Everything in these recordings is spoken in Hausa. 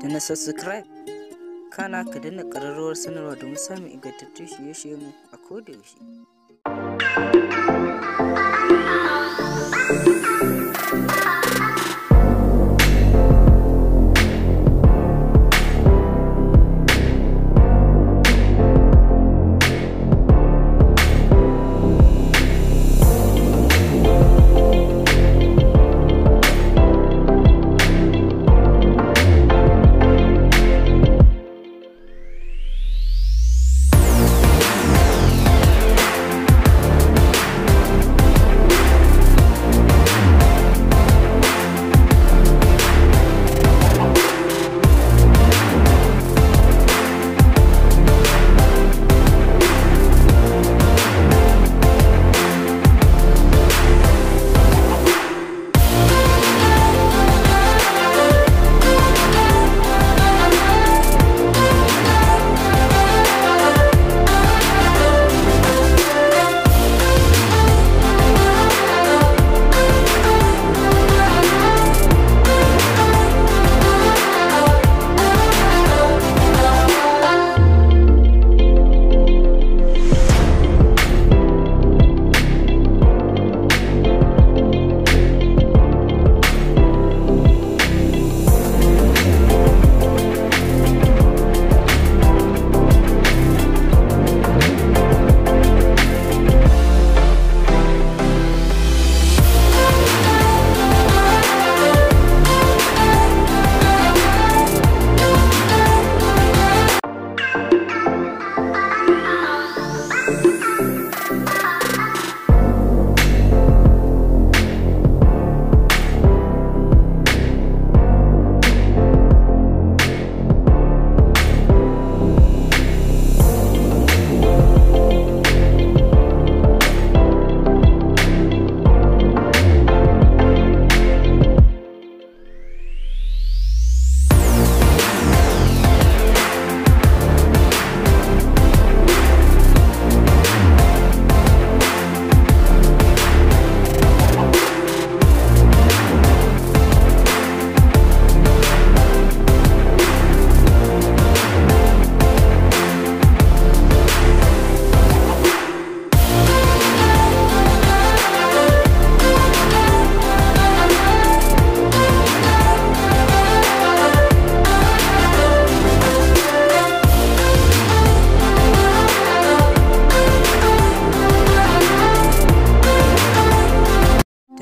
da na subscribe kana ka dana kararrawar sanarwa domin samun ingantattun shirye-shiryenmu a kodayaushe.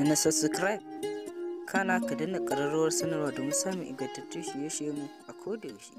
na subscribe kana ka dana kararrawar sanarwa domin samun ingantattun shirye mu a kodayaushe